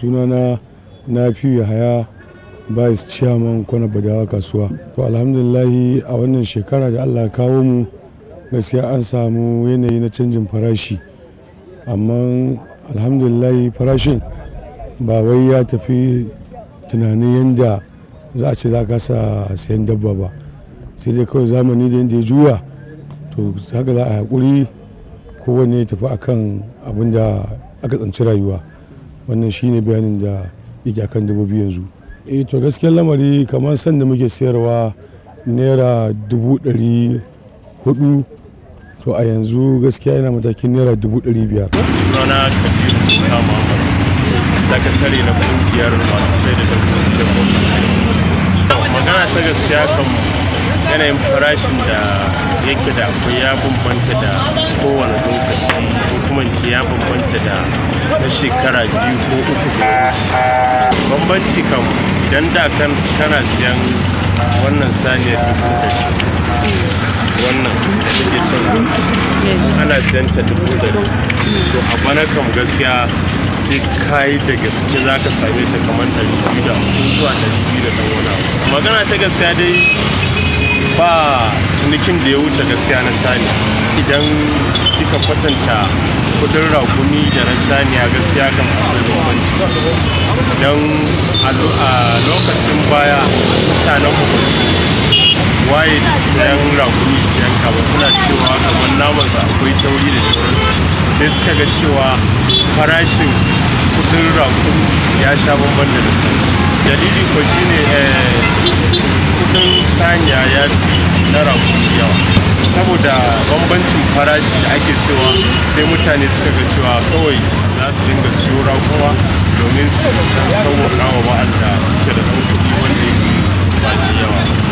sunana na fi haya vice chairman kwana badawa kasuwa to alhamdulillahi a wannan shekara da allah kawo mu gaskiya an samu yanayi na canjin farashi amma alhamdulillahi farashin ba wai ya tafi tunanin yadda za a ce za ka sa sayan dabba ba sai dai kawai zamani da yadda ya juya to haka za a haƙuri kowanne ya tafi akan abin da aka tsanci rayuwa wannan shi ne bayanin da yake akan biyu yanzu eh to gaskiyar lamari kamar san da muke sayarwa naira dubu ɗari hudu to a yanzu gaskiya yana matakin naira dubu ɗari biyar sunana kabiru musa sakatare na kungiyar masu sai da dabbobi magana ta gaskiya kan yanayin farashin da yake da akwai ya bambanta da kowane lokaci ko kuma ya bambanta da na shekara biyu ko uku da bambanci kan idan da kan kana siyan wannan saniya dubu da shi wannan da take cin ana siyan ta dubu da to a bana kam gaskiya sai kayi da gaske za ka same ta kamar ɗari biyu da sun zuwa ɗari biyu da ɗan wani magana ta gaskiya dai ba cinikin da ya wuce gaskiya na saniya idan kika kwatanta kudin rakumi da na saniya gaskiya kan akwai bambanci don a lokacin baya mutanen hukunci waye da sayan rakumi sayan kaba suna cewa kamar namansa akwai tauri da shi sai suka ga cewa farashin kudin rakumi ya sha bambam da nasu dalili ko shine eh, kudin saniya ya fi na rakumi yawa da bambancin farashi da ake sewa sai mutane suka ga cewa kawai za su dinga siyo rakuwa domin su sauwaka wa wa'anda suke da kuɗi wanda yake ba da yawa